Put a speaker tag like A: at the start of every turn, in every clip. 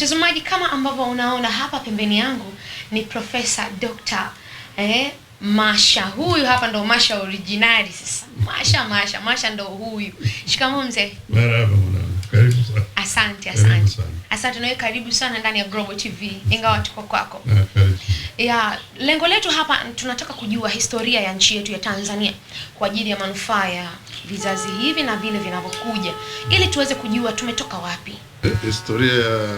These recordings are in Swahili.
A: Mtazamaji, kama ambavyo unaona hapa pembeni yangu ni Profesa Dr. eh, Masha. Huyu hapa ndo Masha originali sasa. Masha Masha Masha ndo huyu. Shikamoo mzee. Asante, asante. Asante nawe karibu sana ndani ya Global TV. Ingawa tuko kwako. Ya, lengo letu hapa tunataka kujua historia ya nchi yetu ya Tanzania kwa ajili ya manufaa ya vizazi hivi na vile vinavyokuja ili tuweze kujua tumetoka wapi.
B: Historia ya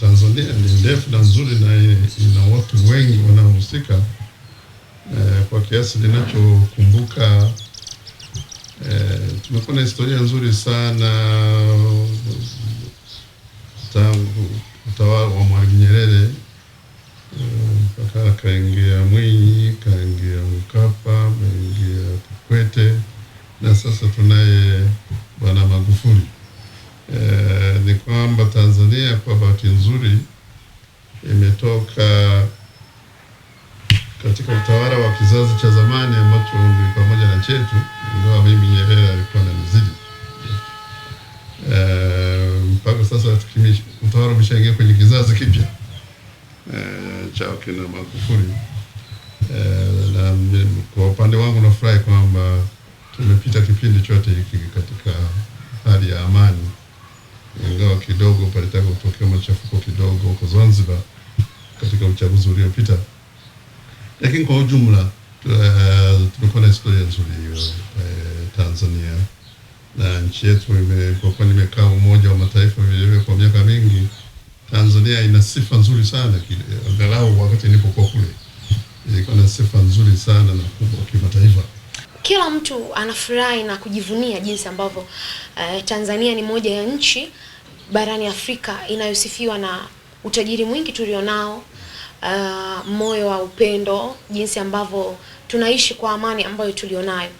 B: Tanzania ni ndefu na nzuri na ina watu wengi wanaohusika. E, kwa kiasi ninachokumbuka eh, tumekuwa na historia nzuri sana tangu utawala wa Mwalimu Nyerere eh, mpaka e, akaingia Mwinyi, kaingia Mkapa, kaingia Kikwete na sasa tunaye Bwana Magufuli. Eh, ni kwamba Tanzania kwa bahati nzuri imetoka katika utawala wa kizazi cha zamani ambacho ni pamoja na chetu, ingawa mimi Nyerere alikuwa mzidi eh, mpaka e, sasa utawala umeshaingia kwenye kizazi kipya e, cha kina Magufuli e, na kwa upande wangu nafurahi kwamba tumepita kipindi chote hiki katika hali ya amani ingawa kidogo palitaka kutokea machafuko kidogo huko Zanzibar katika uchaguzi uliopita, lakini kwa ujumla eh, tumekuwa na historia nzuri hiyo eh, Tanzania na nchi yetu ime, kwa kuwa nimekaa Umoja wa Mataifa vilevile kwa miaka mingi, Tanzania ina sifa nzuri sana angalau wakati nilipokuwa kule ilikuwa na sifa nzuri sana na kubwa kimataifa.
A: Kila mtu anafurahi na kujivunia jinsi ambavyo uh, Tanzania ni moja ya nchi barani Afrika inayosifiwa na utajiri mwingi tulionao, uh, moyo wa upendo, jinsi ambavyo tunaishi kwa amani ambayo tulionayo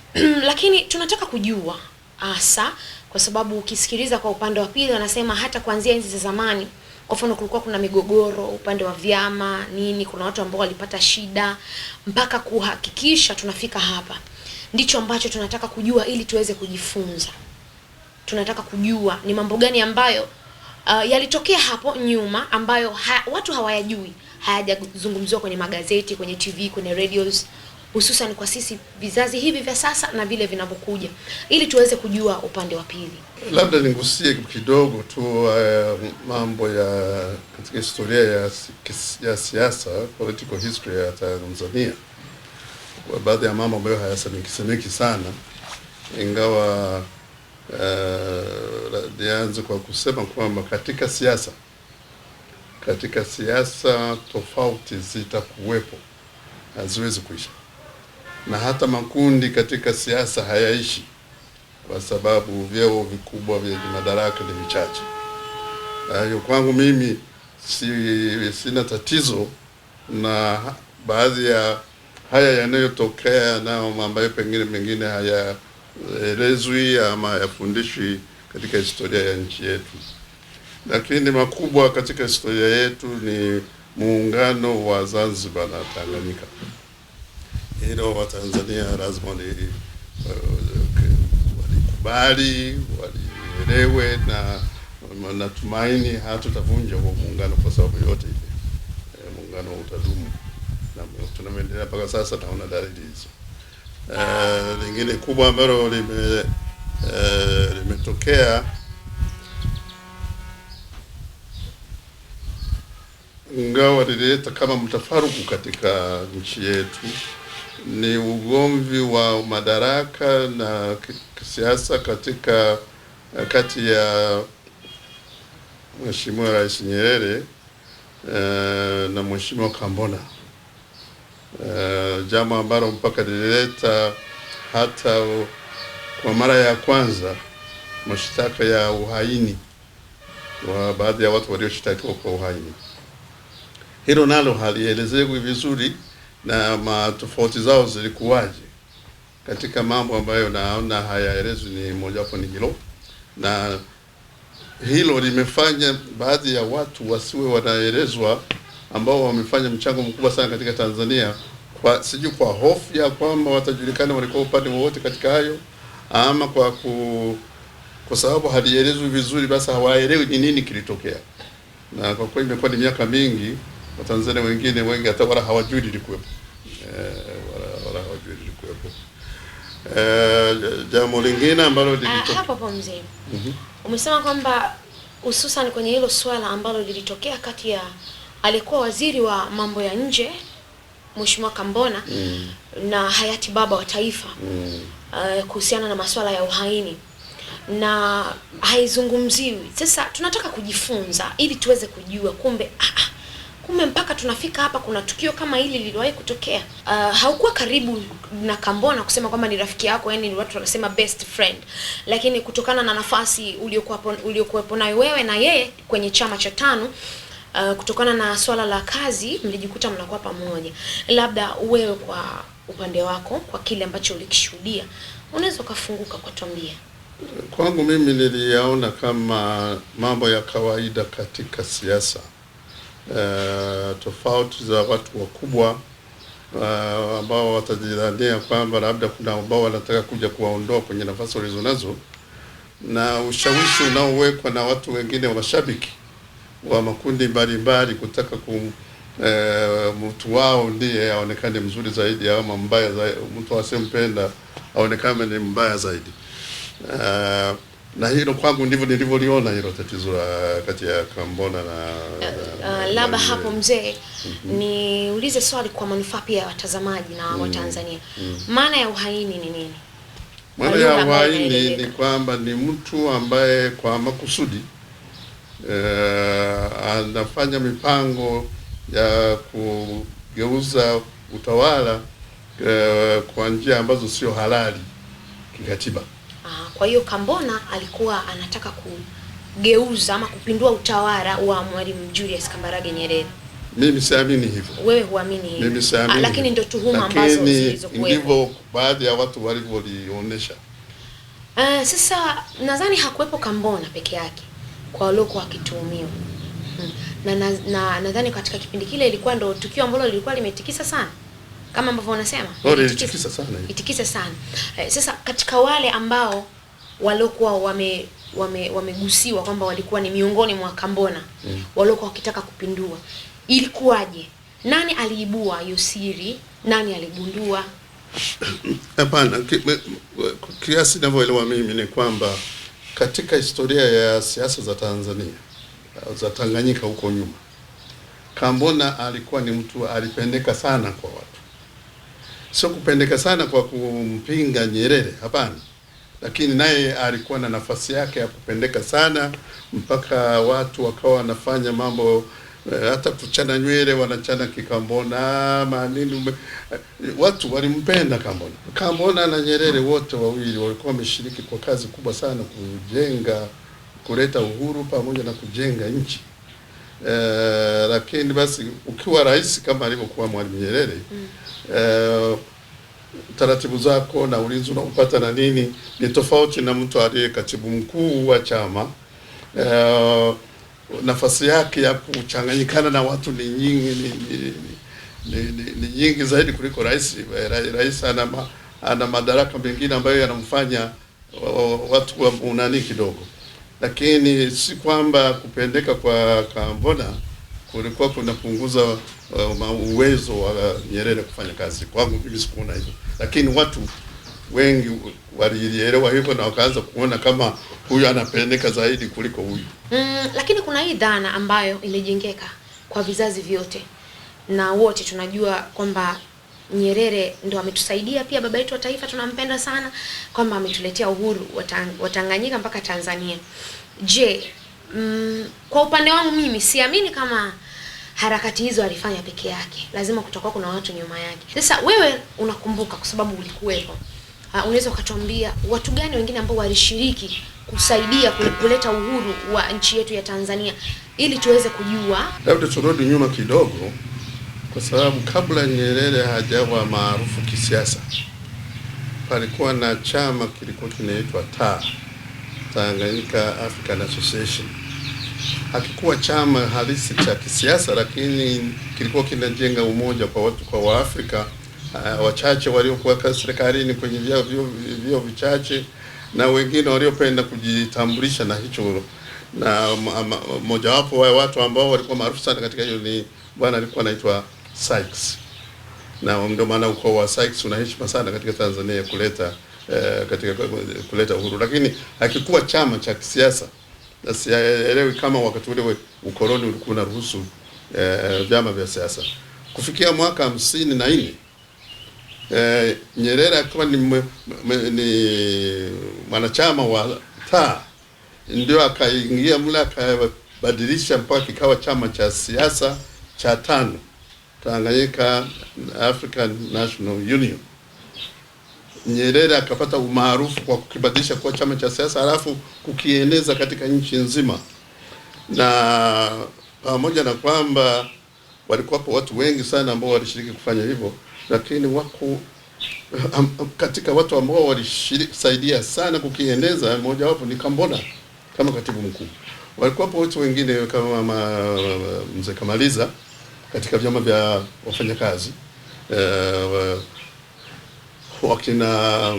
A: lakini tunataka kujua hasa, kwa sababu ukisikiliza kwa upande wa pili wanasema hata kuanzia enzi za zamani, kwa mfano, kulikuwa kuna migogoro upande wa vyama nini, kuna watu ambao walipata shida mpaka kuhakikisha tunafika hapa. Ndicho ambacho tunataka kujua ili tuweze kujifunza tunataka kujua ni mambo gani ambayo uh, yalitokea hapo nyuma ambayo ha, watu hawayajui, hayajazungumziwa kwenye magazeti, kwenye TV, kwenye radios hususan kwa sisi vizazi hivi vya sasa na vile vinavyokuja, ili tuweze kujua upande wa pili.
B: Labda ningusie kidogo tu uh, mambo ya katika historia ya, ya siasa political history ya Tanzania, kwa baadhi ya mambo ambayo hayasemeki sana, ingawa Uh, nianze kwa kusema kwamba katika siasa, katika siasa tofauti zitakuwepo, haziwezi kuisha, na hata makundi katika siasa hayaishi, kwa sababu vyeo vikubwa vyenye madaraka ni vichache. Kwa hiyo kwangu mimi si, sina tatizo na baadhi ya haya yanayotokea nao ambayo pengine mengine haya elezwi ama yafundishwi katika historia ya nchi yetu, lakini makubwa katika historia yetu ni muungano wa Zanzibar na Tanganyika. Hilo Watanzania lazima uh, walikubali, walielewe na natumaini hatutavunja huo muungano kwa sababu yote ile, eh, muungano utadumu na tunameendelea mpaka sasa, naona dalili hizo. Eh, lingine kubwa ambalo lime eh, limetokea ingawa lilileta kama mtafaruku katika nchi yetu ni ugomvi wa madaraka na kisiasa katika kati ya Mheshimiwa Rais Nyerere eh, na Mheshimiwa Kambona. Eh, jambo ambalo mpaka lilileta hata kwa mara ya kwanza mashtaka ya uhaini wa baadhi ya watu walioshtakiwa kwa uhaini. Hilo nalo halielezewi vizuri na matofauti zao zilikuwaje. Katika mambo ambayo naona hayaelezwi ni mojawapo ni hilo, na hilo limefanya baadhi ya watu wasiwe wanaelezwa ambao wamefanya mchango mkubwa sana katika Tanzania, kwa sijui kwa hofu ya kwamba watajulikana walikuwa upande wowote katika hayo, ama kwa ku, kwa sababu halielezwi vizuri, basi hawaelewi ni nini kilitokea. Na kwa kweli imekuwa ni miaka mingi, Watanzania wengine wengi hata wala hawajui lilikuwepo eh, eh jambo lingine ambalo ah,
A: hapo hapo mzee, mhm. umesema kwamba hususan kwenye hilo swala ambalo lilitokea kati ya alikuwa waziri wa mambo ya nje Mheshimiwa Kambona mm. na hayati baba wa taifa mm. uh, kuhusiana na masuala ya uhaini na haizungumziwi. Sasa tunataka kujifunza ili tuweze kujua kumbe ah, ah kumbe mpaka tunafika hapa kuna tukio kama hili liliwahi kutokea. Uh, haukuwa karibu na Kambona kusema kwamba ni rafiki yako, yani ni watu wanasema best friend, lakini kutokana na nafasi uliokuwa uliokuwepo nayo wewe na yeye kwenye chama cha tano uh, kutokana na swala la kazi mlijikuta mnakuwa pamoja. Labda wewe kwa upande wako, kwa kile ambacho ulikishuhudia, unaweza ukafunguka kwa
B: Kwangu mimi niliyaona kama mambo ya kawaida katika siasa. Uh, tofauti za watu wakubwa eh, ambao watajidhania kwamba labda kuna ambao wanataka kuja kuwaondoa kwenye nafasi walizonazo na ushawishi unaowekwa na watu wengine wa mashabiki wa makundi mbalimbali kutaka ku e, mtu wao ndiye aonekane mzuri zaidi ama mbaya zaidi, mtu asiyempenda aonekane ni mbaya zaidi. Uh, na hilo kwangu ndivyo nilivyoliona hilo tatizo la kati ya Kambona na, eh,
A: na, uh, uh, labda hapo mzee, mm -hmm. niulize swali kwa manufaa pia ya watazamaji na mm -hmm. Watanzania mm -hmm. maana ya uhaini ni nini?
B: Maana ya uhaini ni kwamba ni mtu ambaye kwa makusudi mm uh, anafanya mipango ya kugeuza utawala uh, kwa njia ambazo sio halali kikatiba.
A: Ah, kwa hiyo Kambona alikuwa anataka kugeuza ama kupindua utawala wa Mwalimu Julius Kambarage Nyerere.
B: Mimi siamini hivyo.
A: Wewe huamini
B: hivyo. Mimi siamini. Ah,
A: lakini ndio tuhuma ambazo
B: zilizokuwepo. Ndivyo baadhi ya watu walivyolionyesha.
A: Uh, sasa nadhani hakuwepo Kambona peke yake kwa waliokuwa wakituhumiwa hmm. Na nadhani na, na, na, katika kipindi kile ilikuwa ndo tukio ambalo lilikuwa limetikisa sana kama ambavyo unasema
B: oh, itikisa sana,
A: itikisa sana. Eh, sasa katika wale ambao waliokuwa wame wame wamegusiwa kwamba walikuwa ni miongoni mwa Kambona mm. waliokuwa wakitaka kupindua, ilikuwaje? Nani aliibua hiyo siri? Nani aligundua?
B: Hapana, kiasi ninavyoelewa mimi ni kwamba katika historia ya siasa za Tanzania za Tanganyika huko nyuma, Kambona alikuwa ni mtu alipendeka sana kwa watu, sio kupendeka sana kwa kumpinga Nyerere, hapana, lakini naye alikuwa na nafasi yake ya kupendeka sana mpaka watu wakawa wanafanya mambo Eh, hata kuchana nywele wanachana kikambona manini ume, eh, watu walimpenda Kambona. Kambona na Nyerere wote wawili walikuwa wameshiriki kwa kazi kubwa sana kujenga, kuleta uhuru pamoja na kujenga nchi e, lakini basi ukiwa rais kama alivyokuwa Mwalimu Nyerere mm. E, taratibu zako na ulinzi unaopata na nini ni tofauti na mtu aliye katibu mkuu wa chama e, nafasi yake ya kuchanganyikana na watu ni nyingi, ni, ni, ni, ni, ni nyingi zaidi kuliko rais. Eh, rais ana, ma, ana madaraka mengine ambayo yanamfanya watu wa unani kidogo, lakini si kwamba kupendeka kwa Kambona kulikuwa kunapunguza uh, uwezo wa Nyerere kufanya kazi. Kwangu mimi sikuona hivyo, lakini watu wengi walielewa hivyo na wakaanza kuona kama huyu anapendeka zaidi kuliko huyu.
A: Mm, lakini kuna hii dhana ambayo imejengeka kwa vizazi vyote na wote tunajua kwamba Nyerere ndo ametusaidia pia, baba yetu wa taifa tunampenda sana, kwamba ametuletea uhuru wa Tanganyika mpaka Tanzania. Je, mm, kwa upande wangu mimi siamini kama harakati hizo alifanya peke yake, lazima kutakuwa kuna watu nyuma yake. Sasa wewe unakumbuka, kwa sababu ulikuwepo uh, unaweza ukatuambia watu gani wengine ambao walishiriki kusaidia kuleta uhuru wa nchi yetu ya Tanzania ili tuweze kujua.
B: Labda turudi nyuma kidogo, kwa sababu kabla Nyerere hajawa maarufu kisiasa, palikuwa na chama kilikuwa kinaitwa ta Tanganyika African Association. Hakikuwa chama halisi cha kisiasa, lakini kilikuwa kinajenga umoja kwa watu kwa Waafrika Ah, wachache waliokuwa serikalini kwenye vyo vichache na wengine waliopenda kujitambulisha na hicho na mojawapo wa watu ambao walikuwa maarufu sana katika hiyo ni bwana alikuwa anaitwa Sykes, na ndio maana ukoo wa Sykes una heshima sana katika Tanzania kuleta uh, katika kuleta uhuru, lakini hakikuwa chama cha kisiasa, na sielewi kama wakati ule ukoloni ulikuwa unaruhusu eh, vyama vya siasa kufikia mwaka hamsini na nne eh, Nyerere akiwa ni, ni mwanachama wa taa ndio akaingia mle akabadilisha mpaka kikawa chama cha siasa cha tano Tanganyika African National Union. Nyerere akapata umaarufu kwa kukibadilisha kuwa chama cha siasa halafu kukieneza katika nchi nzima, na pamoja na kwamba walikuwapo watu wengi sana ambao walishiriki kufanya hivyo lakini wako katika watu ambao walisaidia sana kukiendeza, wapo ni kambona kama katibu mkuu. hapo watu wengine kama mzee Kamaliza katika vyama vya wafanyakazi e, wakina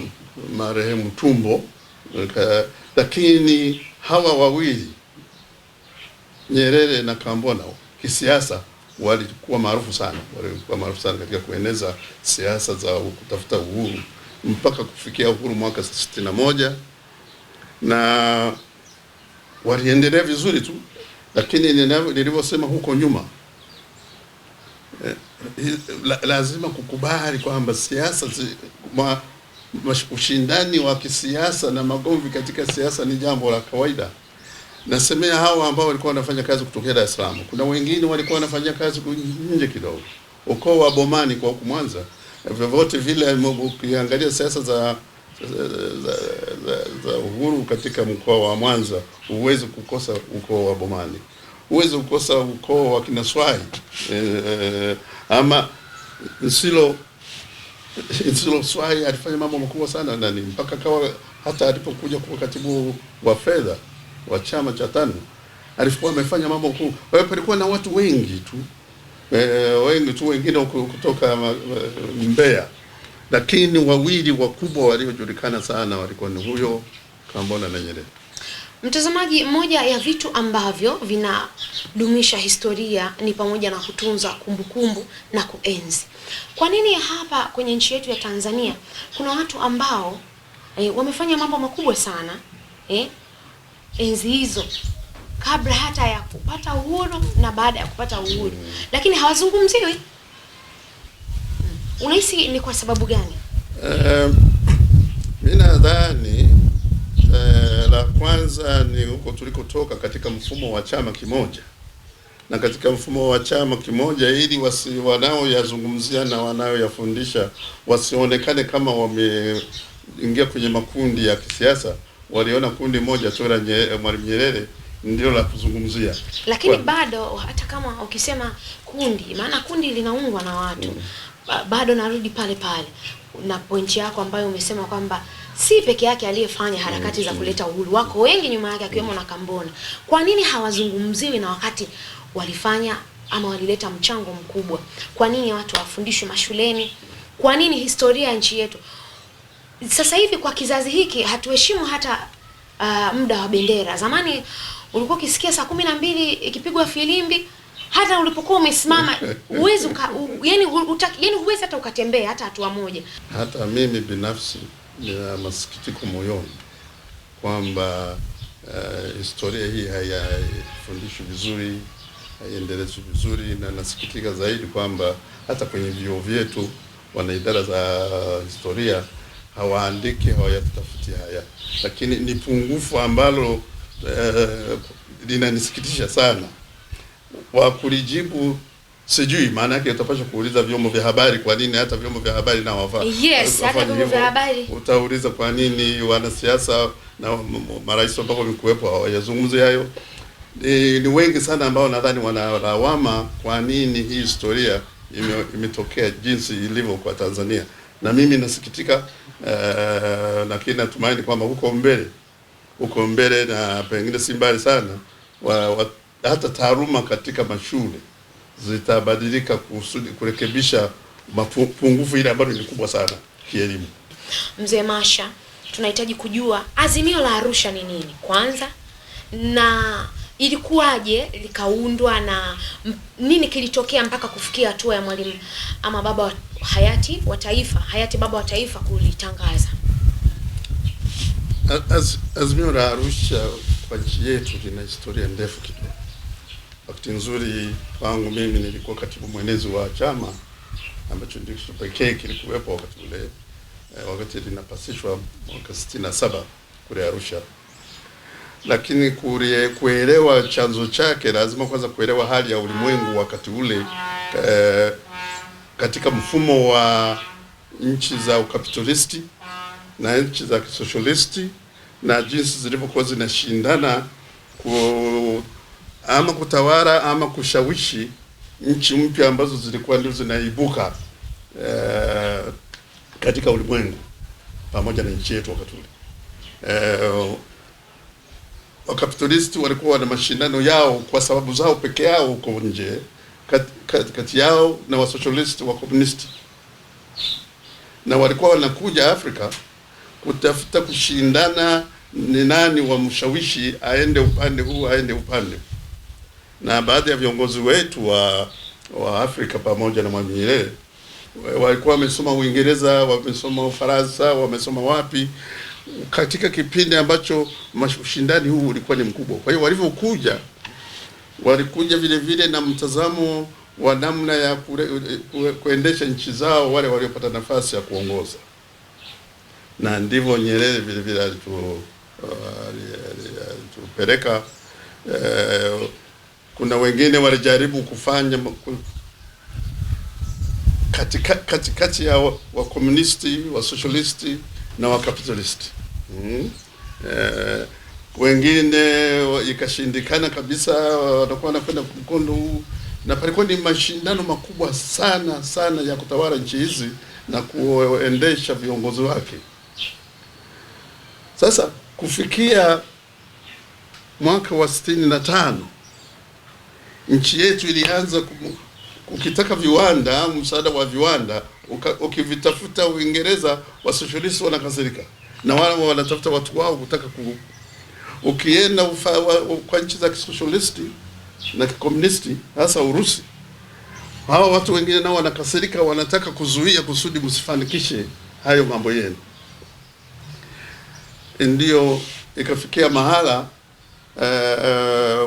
B: marehemu Tumbo e, lakini hawa wawili Nyerere na kambona kisiasa walikuwa maarufu sana, walikuwa maarufu sana katika kueneza siasa za kutafuta uhuru mpaka kufikia uhuru mwaka sitini na moja na waliendelea vizuri tu, lakini nilivyosema huko nyuma eh, la, lazima kukubali kwamba siasa ushindani wa kisiasa na magomvi katika siasa ni jambo la kawaida. Nasemea hawa ambao walikuwa wanafanya kazi kutokea Dar es Salaam. Kuna wengine walikuwa wanafanya kazi nje kidogo, ukoo wa Bomani kwa huku Mwanza. Vyovyote vile, ukiangalia siasa za za, za, za uhuru katika mkoa wa Mwanza, huwezi kukosa ukoo wa Bomani, huwezi kukosa ukoo wa Kinaswahi e, eh, e, eh, ama silo Silo Swahi alifanya mambo makubwa sana nani mpaka kawa hata alipokuja kuwa katibu wa fedha wa chama cha TANU alikuwa amefanya mambo kuu. Kwa hiyo palikuwa na watu wengi tu e, wengi tu wengine kutoka Mbeya, lakini wawili wakubwa waliojulikana sana walikuwa ni huyo Kambona na Nyerere.
A: Mtazamaji, moja ya vitu ambavyo vinadumisha historia ni pamoja na kutunza kumbukumbu kumbu na kuenzi. Kwa nini hapa kwenye nchi yetu ya Tanzania kuna watu ambao eh, wamefanya mambo makubwa sana eh, enzi hizo kabla hata ya kupata uhuru na baada ya kupata uhuru, lakini hawazungumziwi. Hmm. Unahisi ni kwa sababu gani?
B: Uh, eh, mi nadhani eh, la kwanza ni huko tulikotoka katika mfumo wa chama kimoja, na katika mfumo wa chama kimoja, ili wasi wanaoyazungumzia na wanaoyafundisha wasionekane kama wameingia kwenye makundi ya kisiasa waliona kundi moja tu la eh, Mwalimu Nyerere ndio la kuzungumzia,
A: lakini kwa, bado hata kama ukisema kundi, maana kundi linaungwa na watu mm, bado narudi pale pale na pointi yako ambayo umesema kwamba si peke yake aliyefanya mm, harakati mm, za kuleta uhuru, wako wengi nyuma yake akiwemo mm, na Kambona. Kwa nini hawazungumziwi na wakati walifanya ama walileta mchango mkubwa? Kwa nini watu wafundishwe mashuleni? Kwa nini historia ya nchi yetu sasa hivi kwa kizazi hiki hatuheshimu hata uh, muda wa bendera. Zamani ulikuwa ukisikia saa kumi na mbili ikipigwa filimbi hata ulipokuwa umesimama huwezi yani, yani huwezi hata ukatembea hata hatua moja.
B: Hata mimi binafsi nina masikitiko moyoni kwamba uh, historia hii haifundishwi vizuri, haiendelezwi vizuri, na nasikitika zaidi kwamba hata kwenye vyuo vyetu wana idara za uh, historia hawaandiki, hawayatafuti haya, lakini ni pungufu ambalo eh, linanisikitisha sana. wa kulijibu sijui, maana yake utapaswa kuuliza vyombo vya habari, kwa nini hata vyombo vya habari na wafa,
A: yes, hata vyombo vya habari
B: utauliza kwa nini wanasiasa na marais ambao wamekuwepo hawayazungumzi hayo. E, ni wengi sana ambao nadhani wanalawama kwa nini hii historia imetokea jinsi ilivyo kwa Tanzania na mimi nasikitika uh, lakini natumaini kwamba huko mbele huko mbele na pengine si mbali sana wa, wa, hata taaruma katika mashule zitabadilika kusudi kurekebisha mapungufu ile ambayo ni kubwa sana kielimu.
A: Mzee Masha, tunahitaji kujua azimio la Arusha ni nini kwanza na ilikuwaje likaundwa na nini kilitokea mpaka kufikia hatua ya Mwalimu ama baba wa hayati wa taifa hayati baba wa taifa kulitangaza
B: Az, Azimio la Arusha kwa nchi yetu lina historia ndefu kidogo. Wakati nzuri kwangu mimi nilikuwa katibu mwenezi wa chama ambacho ndicho pekee kilikuwepo wakati ule, eh, wakati linapasishwa mwaka 67 kule Arusha lakini kule kuelewa chanzo chake lazima kwanza kuelewa hali ya ulimwengu wakati ule e, katika mfumo wa nchi za ukapitalisti na nchi za kisosialisti na jinsi zilivyokuwa zinashindana ku, ama kutawala ama kushawishi nchi mpya ambazo zilikuwa ndio zinaibuka e, katika ulimwengu pamoja na nchi yetu wakati ule eh, Wakapitalisti walikuwa na mashindano yao kwa sababu zao peke yao huko nje, kati kat, kat yao na wasocialisti wa komunisti, na walikuwa wanakuja Afrika kutafuta kushindana ni nani wa mshawishi aende upande huu aende upande. Na baadhi ya viongozi wetu wa wa Afrika pamoja na Mwalimu Nyerere walikuwa wamesoma Uingereza, wamesoma Ufaransa, wamesoma wapi katika kipindi ambacho ushindani huu ulikuwa ni mkubwa. Kwa hiyo walivyokuja, walikuja vile vile na mtazamo wa namna ya kuendesha nchi zao wale waliopata nafasi ya kuongoza, na ndivyo Nyerere vile vile alitupeleka. Eh, kuna wengine walijaribu kufanya katikati katika ya wakomunisti wa wasosialisti na wakapitalisti mm. Eh, wengine ikashindikana kabisa, watakuwa wanakwenda mkondo huu, na palikuwa ni mashindano makubwa sana sana ya kutawala nchi hizi na kuendesha viongozi wake. Sasa kufikia mwaka wa sitini na tano nchi yetu ilianza kukitaka viwanda, msaada wa viwanda ukivitafuta Uingereza, wasosialisti wanakasirika na wale wanatafuta watu wao kutaka ku. Ukienda kwa nchi za kisosialisti na kikomunisti, hasa Urusi, hawa watu wengine nao wanakasirika, wanataka kuzuia kusudi msifanikishe hayo mambo yenu. Ndiyo ikafikia mahala Uh,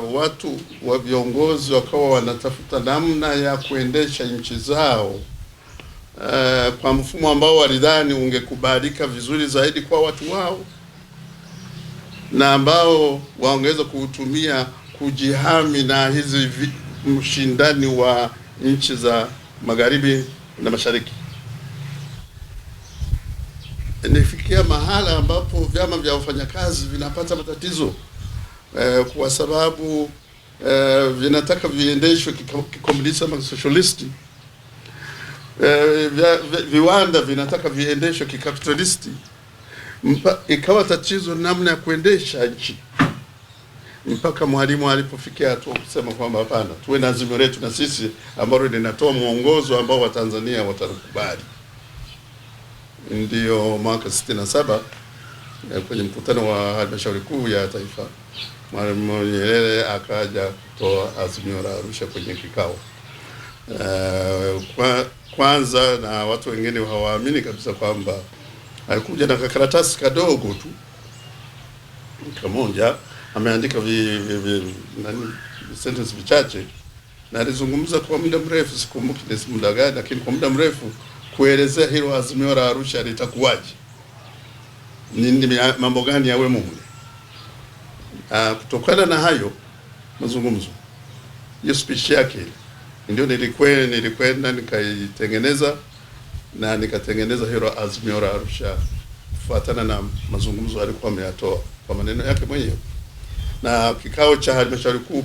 B: uh, watu wa viongozi wakawa wanatafuta namna ya kuendesha nchi zao Eh, kwa mfumo ambao walidhani ungekubalika vizuri zaidi kwa watu wao na ambao waongeza kuutumia kujihami na hizi mshindani wa nchi za magharibi na mashariki. Nifikia mahala ambapo vyama vya wafanyakazi vinapata matatizo eh, kwa sababu eh, vinataka viendeshwe kikomunisti ama kisosialisti Eh, viwanda vinataka viendeshwe kikapitalisti, ikawa tatizo namna ya kuendesha nchi, mpaka Mwalimu alipofikia hatua kusema kwamba hapana, tuwe na azimio letu na sisi ambalo linatoa mwongozo ambao Watanzania watakubali. Ndiyo mwaka 67 eh, kwenye mkutano wa halmashauri kuu ya taifa Mwalimu Nyerere akaja kutoa azimio la Arusha kwenye kikao uh, kwa, kwanza na watu wengine hawaamini kabisa kwamba alikuja na kakaratasi kadogo tu kamoja, ameandika vi, vi, vi, nani, sentence vichache, na alizungumza kwa muda mrefu, sikumbuki ni muda gani, lakini kwa muda mrefu kuelezea hilo azimio la Arusha litakuwaje, nini, mambo gani yawe mumle. Ah, kutokana na hayo mazungumzo hiyo speech yake ndio nilikwenda nilikwenda nikaitengeneza na nikatengeneza hilo azimio la Arusha kufuatana na mazungumzo alikuwa ameyatoa kwa maneno yake mwenyewe, na kikao cha halmashauri kuu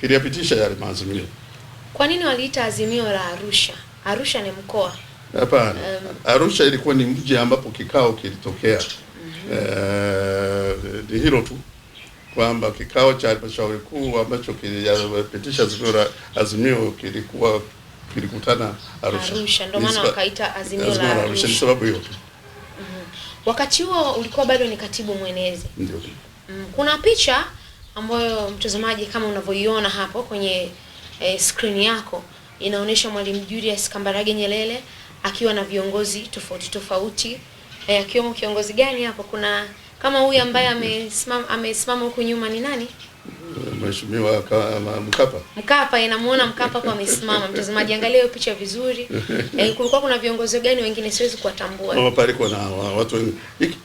B: kiliyapitisha yale maazimio.
A: Kwa nini waliita azimio la Arusha? Arusha ni mkoa?
B: Hapana, um, Arusha ilikuwa ni mji ambapo kikao kilitokea. mm -hmm. Eh, ni hilo tu kwamba kikao cha halmashauri kuu ambacho kilipitisha azimio azimio kilikuwa kilikutana Arusha,
A: Arusha ndio maana wakaita azimio la Arusha, Arusha ni sababu hiyo. Mm -hmm. Wakati huo ulikuwa bado ni katibu mwenezi. Ndio. Mm, kuna picha ambayo mtazamaji kama unavyoiona hapo kwenye eh, screen yako inaonyesha Mwalimu Julius Kambarage Nyerere akiwa na viongozi tofauti tofauti, eh, akiwemo kiongozi gani hapo kuna kama huyu ambaye amesimama amesimama huko nyuma ni nani?
B: Mheshimiwa Mkapa.
A: Mkapa, inamuona Mkapa kwa amesimama. Mtazamaji, angalia hiyo picha vizuri. E, kulikuwa kuna viongozi gani wengine siwezi kuwatambua.
B: Mama pale kuna watu wengi.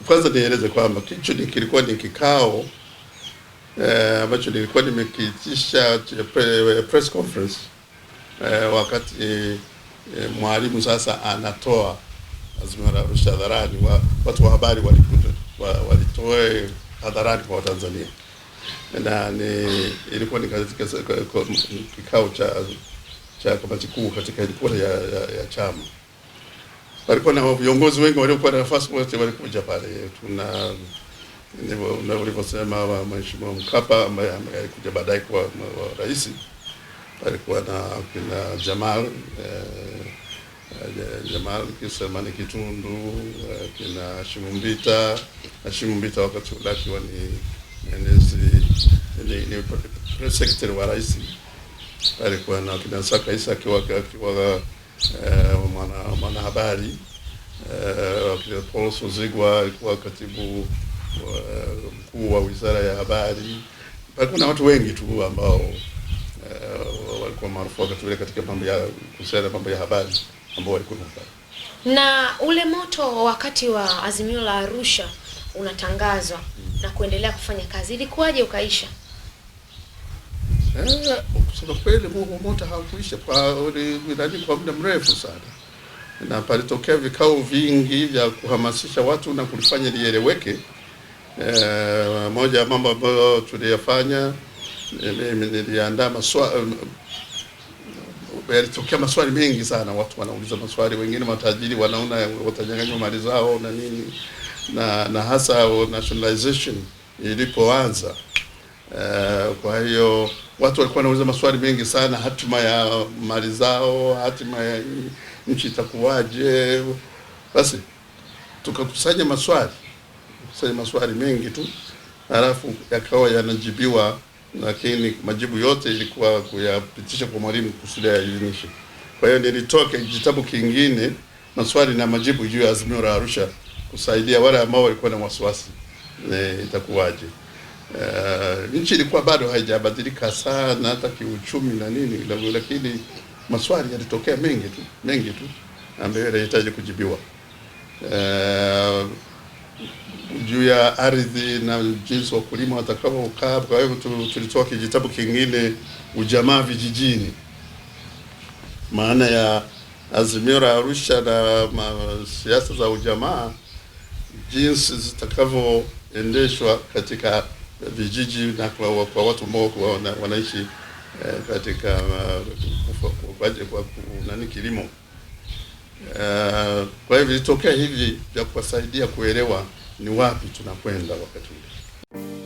B: Kwanza nieleze kwamba kicho ni kilikuwa ni kikao eh, ambacho nilikuwa nimekiitisha press conference eh, wakati eh, mwalimu sasa anatoa azimio la rushwa hadharani, watu wa habari walikuja walitoe hadharani kwa Watanzania na ni, ilikuwa ni katika kikao cha cha kamati kuu katika headquarters ya, ya, ya chama. Walikuwa na viongozi wengi waliokuwa na nafasi wote walikuja pale. Tuna ndivyo ulivyosema Mheshimiwa Mkapa ambaye alikuja baadaye kwa rais, alikuwa na kina Jamal eh, jamaa Kisemani Kitundu, kina Shimumbita na Shimumbita wakati ule akiwa ni ni press secretary wa rais, alikuwa na kina Saka Isa akiwa akiwa eh, mwana mwanahabari, eh, wakati Paul Sozigwa alikuwa katibu mkuu wa wizara ya habari. Palikuwa na watu wengi tu ambao eh, walikuwa maarufu wakati ule katika mambo ya kuhusiana mambo ya habari ambao walikuwa
A: na ule moto wakati wa Azimio la Arusha unatangazwa na kuendelea kufanya kazi, ilikuwaje ukaisha?
B: Eh, kusema kweli huo moto haukuisha kwa muda mrefu sana, na palitokea vikao vingi vya kuhamasisha watu na kulifanya lieleweke. Eh, moja ya mambo ambayo tuliyafanya, mimi niliandaa maswali yalitokea maswali mengi sana, watu wanauliza maswali, wengine matajiri wanaona watanyang'anywa mali zao na nini, na na hasa nationalization ilipoanza. Uh, kwa hiyo watu walikuwa wanauliza maswali mengi sana, hatima ya mali zao, hatima ya nchi itakuwaje. Basi tukakusanya maswali, kusanya maswali mengi tu, halafu yakawa yanajibiwa lakini majibu yote ilikuwa kuyapitisha kwa mwalimu kusudi yaidhinishwe. Kwa hiyo nilitoke kitabu kingine maswali na majibu juu ya azimio la Arusha kusaidia wale ambao walikuwa na wasiwasi e, itakuwaje. Uh, nchi ilikuwa bado haijabadilika sana hata kiuchumi na nini, lakini maswali yalitokea mengi tu mengi tu ambayo yanahitaji kujibiwa uh, juu ya ardhi na jinsi wakulima watakavyokaa. Kwa hiyo tulitoa kijitabu kingine ujamaa vijijini, maana ya azimio la Arusha na siasa za ujamaa, jinsi zitakavyoendeshwa katika vijiji na kwa, kwa watu ambao wana, wanaishi eh, katika uh, nani kilimo. Eh, kwa hivyo vilitokea hivi vya kuwasaidia kuelewa ni wapi tunakwenda wakati ule.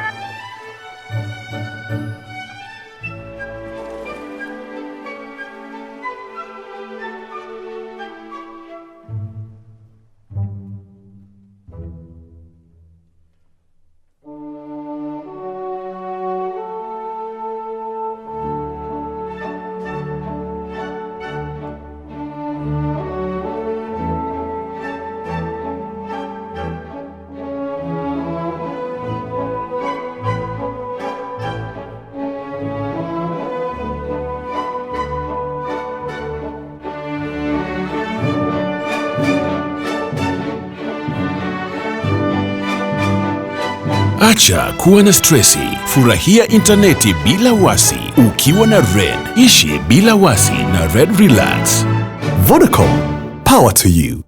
C: Acha kuwa na stresi, furahia intaneti bila wasi ukiwa na Red. Ishi bila wasi na Red Relax. Vodacom, power to you.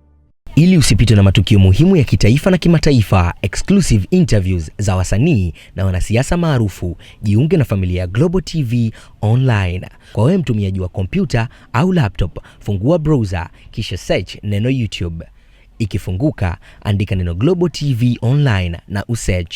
D: Ili usipitwe na matukio muhimu ya kitaifa na kimataifa, exclusive interviews za wasanii na wanasiasa maarufu, jiunge na familia ya Global TV Online. Kwa wewe mtumiaji wa kompyuta au laptop, fungua browser kisha search neno YouTube. Ikifunguka, andika neno Global TV Online na usearch.